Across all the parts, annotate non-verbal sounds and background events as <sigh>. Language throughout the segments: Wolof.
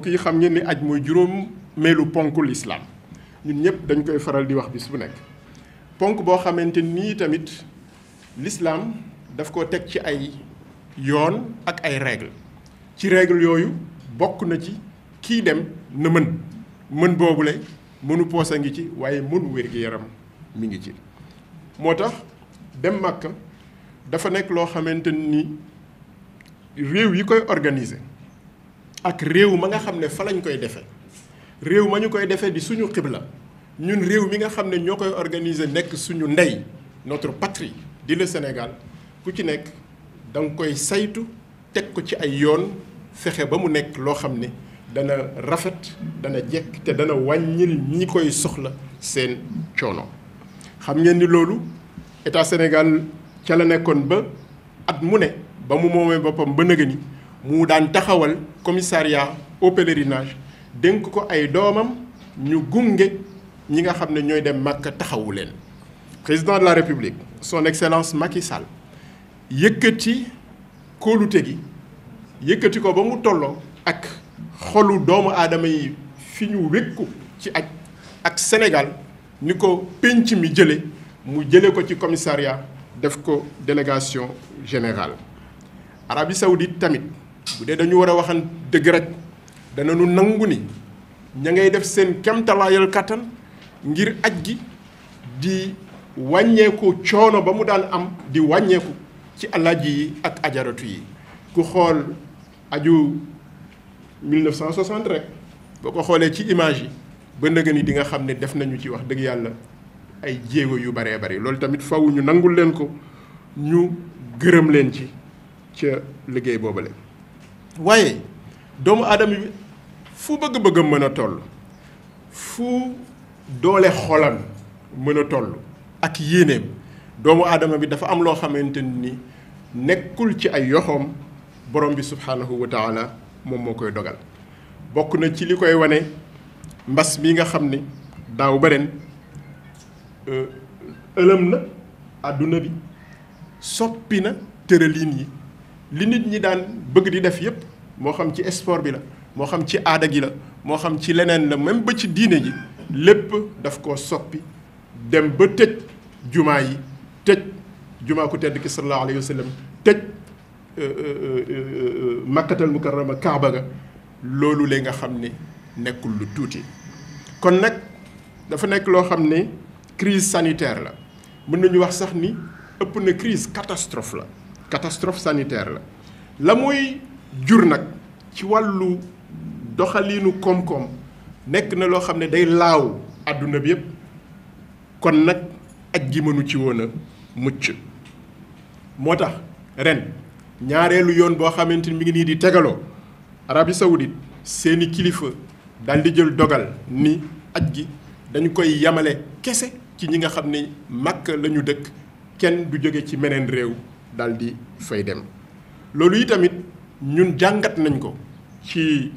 mbokk xam ngeen ni aj mooy juróom meelu ponk lislaam ñun ñëpp dañ koy faral di wax bis bu nekk ponk boo xamante nii tamit lislaam daf ko teg ci ay yoon ak ay règle ci règle yooyu bokk na ci kiy dem na mën mën boobule mënu poos a ngi ci waaye mënu wér-gi-yaram mi ngi ci moo tax dem màkka dafa nekk loo xamante ni réew yi koy organise ak réew ma nga xam ne fa lañ koy defee réew ma ñu koy defee di suñu xibla ñun réew mi nga xam ne ñoo koy organiser nekk suñu ndey notre patrie di le Sénégal ku ci nekk da koy saytu teg ko ci ay yoon fexe ba mu nekk loo xam ne dana rafet dana jekk te dana wàññil ñi koy soxla seen coono. xam ngeen ni loolu état Sénégal ca la nekkoon ba at mu ne ba mu moomee boppam ba nëgë mu daan taxawal commissariat au pèlerinage dénk ko ay doomam ñu gunge ñi nga xam ne ñooy dem makk taxawu leen. président de la république son excellence Macky Sall yëkkati kóolute gi yëkkati ko ba mu tolloo ak xolu doomu aadama yi fi ñu wékku ci ak ak Sénégal ni ko pénc mi jële mu jële ko ci commissariat def ko délégation général Arabie Saoudite tamit bu dee dañu war a waxan dëgg rek dana nu nangu ni ña ngay def seen kemtalaayal kàttan ngir aj gi di wàññeeku coono ba mu daan am di wàññeeku ci alaaji yi ak ajaratu yi ku xool aju 1960 rek boo ko xoolee ci image yi ba nëgë ni di nga xam ne def nañu ci wax dëgg yàlla ay jéego yu baree bari loolu tamit faw ñu nangul leen ko ñu gërëm leen ci ca liggéey boobale waaye doomu aadama bi fu bëgg-bëggam mën a toll fu doole xolam mën a toll ak yéeneem doomu aadama bi dafa am loo xamante ni nekkul ci ay yoxoom borom bi subhaanahu wa taala moom moo koy dogal bokk na ci li koy wane mbas mi nga xam ni daaw ba euh, ëlëm na àdduna bi soppi na tërëliin yi li nit ñi daan bëgg di def yépp moo xam ci sport bi la moo xam ci aada gi la moo xam ci leneen la même ba ci diine ji lépp daf koo soppi dem ba tëj jumaa yi tëj jumaa ku tedd ki sallallahu alayhi wa sallam tëj makkatal mukarrama kaaba ga loolu la nga xam ne nekkul lu tuuti kon nag dafa nekk loo xam ne crise sanitaire la mën nañu wax sax ni ëpp na crise catastrophe la catastrophe sanitaire la la muy jur nag ci wàllu doxaliinu koom-koom nekk na loo xam ne day laaw àdduna bi yépp kon nag aj gi mënu ci woon mucc moo tax ren ñaareelu yoon boo xamante ni mi ngi nii di tegaloo Arabie Saoudite seeni kilifa daal di jël dogal ni aj gi dañu koy yamale kese ci ñi nga xam ni màkk lañu dëkk kenn du jóge ci meneen réew daal di fay dem loolu yi tamit ñun jàngat nañ ko ci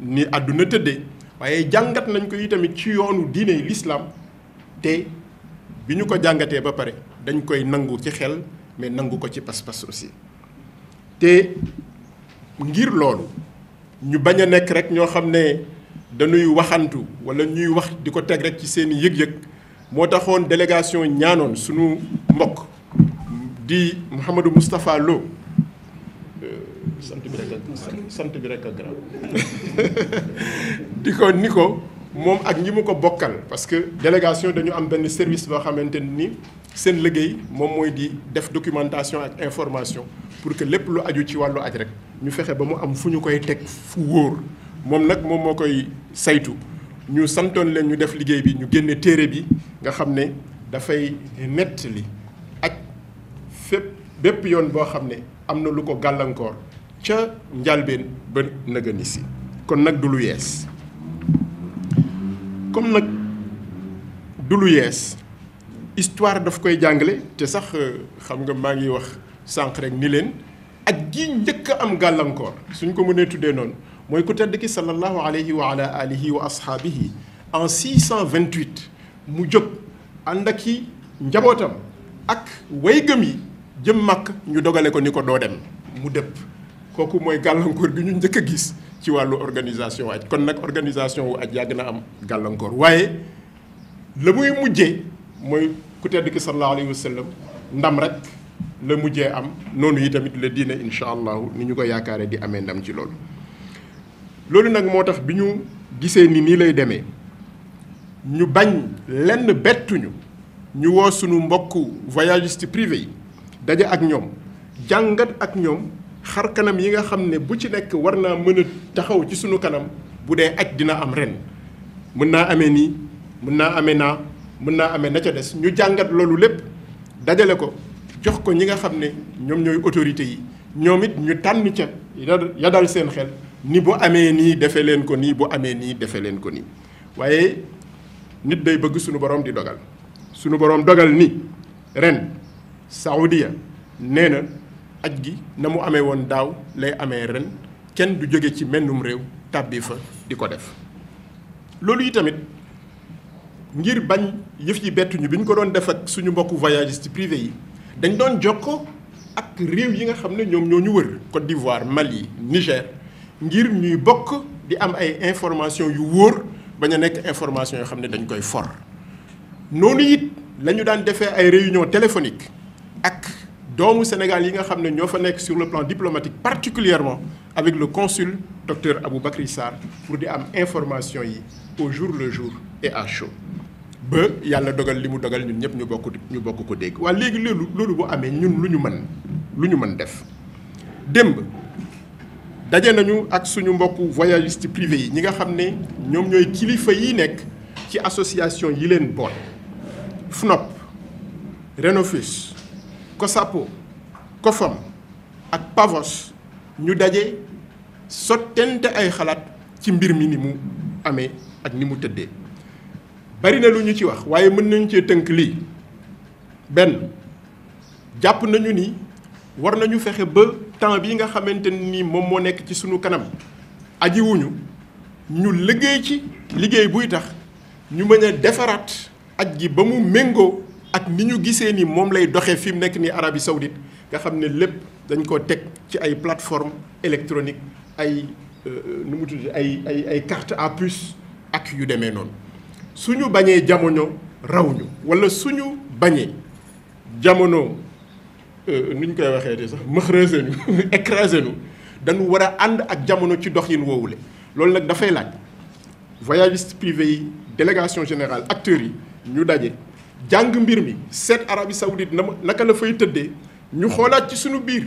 ni àdduna tëddee waaye jàngat nañ ko tamit ci yoonu diine l'islam te bi ñu ko jàngatee ba pare dañ koy nangu ci xel mais nangu ko ci pas-pas aussi te ngir loolu ñu bañ a nekk rek ñoo xam ne dañuy waxantu walla ñuy wax di ko teg rek ci seen yëg-yëg moo taxoon délégation ñaanoon sunu mbokk di Mouhamadou Moustapha Lo sant bi rek a sant bi rek a garaaw <laughs> di ko ak ñi mu ko bokkal parce que délégation dañu am ben service bo xamanteni ni seen liggéey moom mooy di def documentation ak information pour que lepp lu aju ci walu aj rek ñu fexé ba mu am fu ñu koy teg fu woor mom nak mom mo koy saytu ñu santone leen ñu def liggéey bi ñu génné téré bi nga xamné da fay nett li ak fep bépp yoon bo xamné amna lu ko galankor ca njalbeen ba nëgëni si kon nag du lu yees comme nag du lu yees histoire daf koy jàngale te sax euh, xam nga maa ngi wax sànq rek ni leen ak gi njëkk am gàllankoor suñ ko mënee tuddee noonu mooy ku tedd ki sallallahu alayhi wa ala alihi wa ashaabihi en 628 mu jóg ànd ak njabootam ak way gëm yi jëm màkk ñu dogale ko ni ko doo dem mu dëpp kooku mooy gàllankoor gi ñu njëkk a gis ci wàllu organisation aj kon nag organisation wu aj yàgg na am gàllankoor waaye la muy mujjee mooy ku tedd ki sallallahu alayhi wa ndam rek la mujjee am noonu yi tamit la diine incha allahu ni ñu ko yaakaaree di amee ndam ci loolu. loolu nag moo tax bi ñu gisee ni nii lay demee ñu bañ lenn bettuñu ñu woo sunu mbokku voyagiste privé yi daje ak ñoom jàngat ak ñoom. xar kanam yi nga xam ne bu ci nekk war naa mën taxaw ci sunu kanam bu dee aj dina am ren mën naa amee nii mën naa amee naa mën naa amee na ca des ñu jàngat loolu lépp dajale ko jox ko ñi nga xam ne ñoom ñooy autorité yi ñoom it ñu tànn ca ya dal seen xel ni bu amee nii defee leen ko nii bu amee nii defee leen ko nii waaye nit day bëgg sunu borom di dogal sunu borom dogal ni ren Saoudia nee na aj gi na mu amee woon daaw lay amee ren kenn du jóge ci mennum réew tàbbi fa di ko def loolu yi tamit ngir bañ yëf yi bettuñu bi ñu ko doon def ak suñu mbokku ci privé yi dañ doon jokkoo ak réew yi nga xam ne ñoom ñoo ñu wër Côte d'Ivoire yi Niger ngir ñuy bokk di am ay information yu wóor bañ a nekk information yoo xam ne dañ koy for noonu it la daan defee ay réunion téléphonique ak doomu Sénégal yi nga xam ne ñoo fa nekk sur le plan diplomatique particulièrement avec le consul docteur Bakri Sarr pour di am information yi au jour le jour et à chaud ba yàlla dogal li mu dogal ñun ñëpp ñu bokk ñu bokk ko dégg waaye léegi loolu loolu bu amee ñun lu ñu mën lu ñu mën def démb daje nañu ak suñu mbokku voyagiste privé yi ñi nga xam ne ñoom ñooy kilifa yi nekk ci association yi leen boot FNOP Renofus COSAPO COFAM ak PAVOS ñu daje sottente ay xalaat ci mbir mi ni mu amee ak ni mu tëddee bari na lu ñu ci wax waaye mën nañu cee tënk lii benn jàpp nañu ni war nañu fexe ba temps bi nga xamante ni moom moo nekk ci sunu kanam ajiwuñu ñu liggéey ci liggéey buy tax ñu mën a defaraat aj gi ba mu méngoo ak ni ñu ni lay Arabie Saoudite nga nous plateforme électronique ay euh, euh, nu carte à puce ak yu demee noonu suñu bañee jamono rawñu wala suñu jamono euh, koy sax nous. écrasé nu dañu war a ak jamono ci nous avons loolu privé délégation générale acteurs yi ñu jàng mbir mi seet Arabie Saoudite na naka la fay tëddee ñu xoolaat ci suñu biir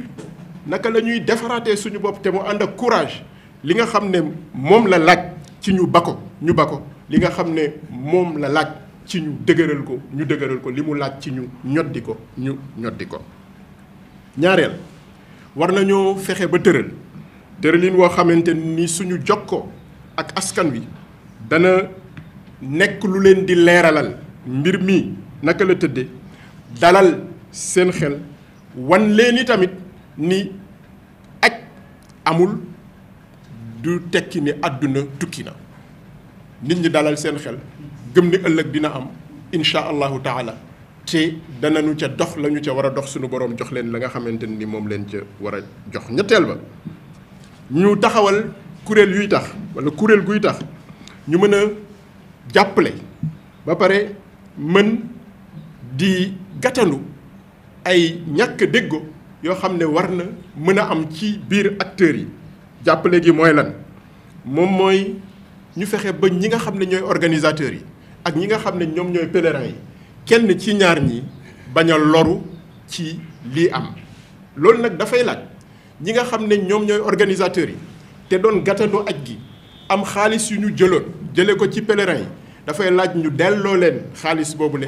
naka la ñuy defaraatee suñu bopp te mu ànd ak courage li nga xam ne moom la laaj ci ñu ba ñu ba li nga xam ne moom la laaj ci ñu dëgëral ko ñu dëgëral ko li mu laaj ci ñu ñoddi ko ñu ñoddi ko ñaareel war nañoo fexe ba tëral tëralin woo xamante ni suñu jokkoo ak askan wi dana nekk lu leen di leeralal mbir mi naka la tëdde dalal seen xel wan leen i tamit ni ak amul du tekki ni àdduna tukki na nit ñi dalal seen xel gëm ni ëllëg dina am incha allahu taala te danañu ca dox la ñu ca war a dox sunu borom jox leen la nga xamante ni moom leen ca war a jox ñetteel ba ñu taxawal kuréel yuy tax walla kuréel guy tax ñu mën a jàppale ba pare mën di gàttandu ay ñàkk déggoo yoo xam ne war na mën a am ci biir acteurs yi jàppale gi mooy lan moom mooy ñu fexe ba ñi nga xam ne ñooy organisateurs yi ak ñi nga xam ne ñoom ñooy pèlerins yi kenn ci ñaar ñi bañ loru ci lii am loolu nag dafay laaj ñi nga xam ne ñoom ñooy organisateurs yi te doon gàttandu aj gi am xaalis yu ñu jëloon jëlee ko ci pèlerins yi dafay laaj ñu delloo leen xaalis boobu ne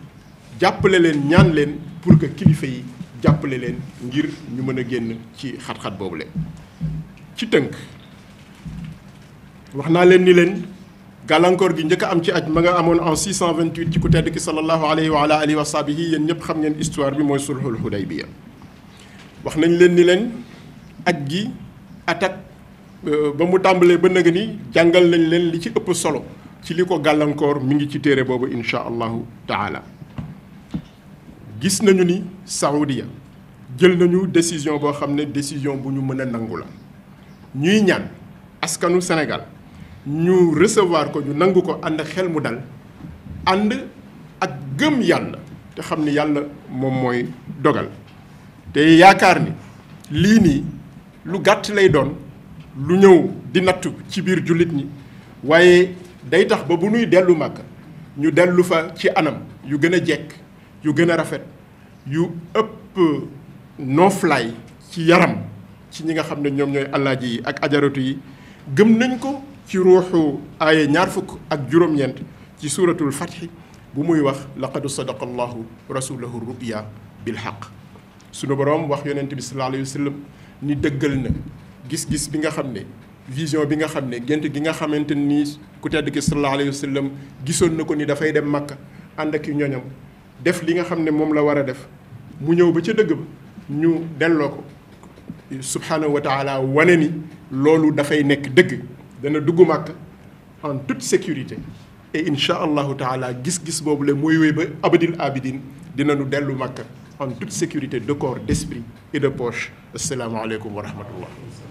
jàppale leen ñaan leen pour que kilifa yi jàppale leen ngir ñu mën a génn ci xat-xat boobu leen ci tënk wax naa leen ni leen gàllankoor gi njëkk am ci aj ma nga amoon en 628 ci ku tedd ki sallallahu alayhi wa ala alihi wa sahbihi yéen ñëpp xam ngeen histoire bi mooy sulhul hudaybiya wax nañ leen ni leen aj gi attaque euh, ba mu tàmbalee ba nëga ni jàngal nañ leen li ci ëpp solo ci li ko gàllankoor mu ngi ci téere boobu incha allahu taala gis nañu ni ya jël nañu décision boo xam ne décision bu ñu mën a nangu la ñuy ñaan askanu Sénégal ñu recevoir ko ñu nangu ko ànd xel mu dal ànd ak gëm yàlla te xam ni yàlla moom mooy dogal te yaakaar ni lii nii lu gàtt lay doon lu ñëw di nattu ci biir jullit ñi waaye day tax ba bu nuy dellu màkk ñu dellu fa ci anam yu gën a jekk yu gën a rafet yu ëpp fly ci yaram ci ñi nga xam ne ñoom ñooy allaaji yi ak ajaratu yi gëm nañ ko ci ruuxu aaye ñaar fukk ak juróom-ñeent ci suratul fatxi bu muy wax laqad sadaqa allahu rasulahu ruya bil xaq sunu borom wax yonent bi sallallahu alayhi wasallam ni deggal na gis-gis bi nga xam ne vision bi nga xam ne gént gi nga xamante ni ku tedd ki sallallahu alayhi wasallam gisoon na ko ni dafay dem makka ànd ak ñoñam def li nga xamne mom la wara def mu ñëw ba ci deug ba ñu delo ko subhanahu wa taala wane lolu da fay nek deug dana duggu mak en toute sécurité et incha allahu taala gis-gis bobu le moy wéy ba abdil abidin dina nu delu mak en toute sécurité de corps d'esprit et de poche assalamu alaykum wa rahmatullah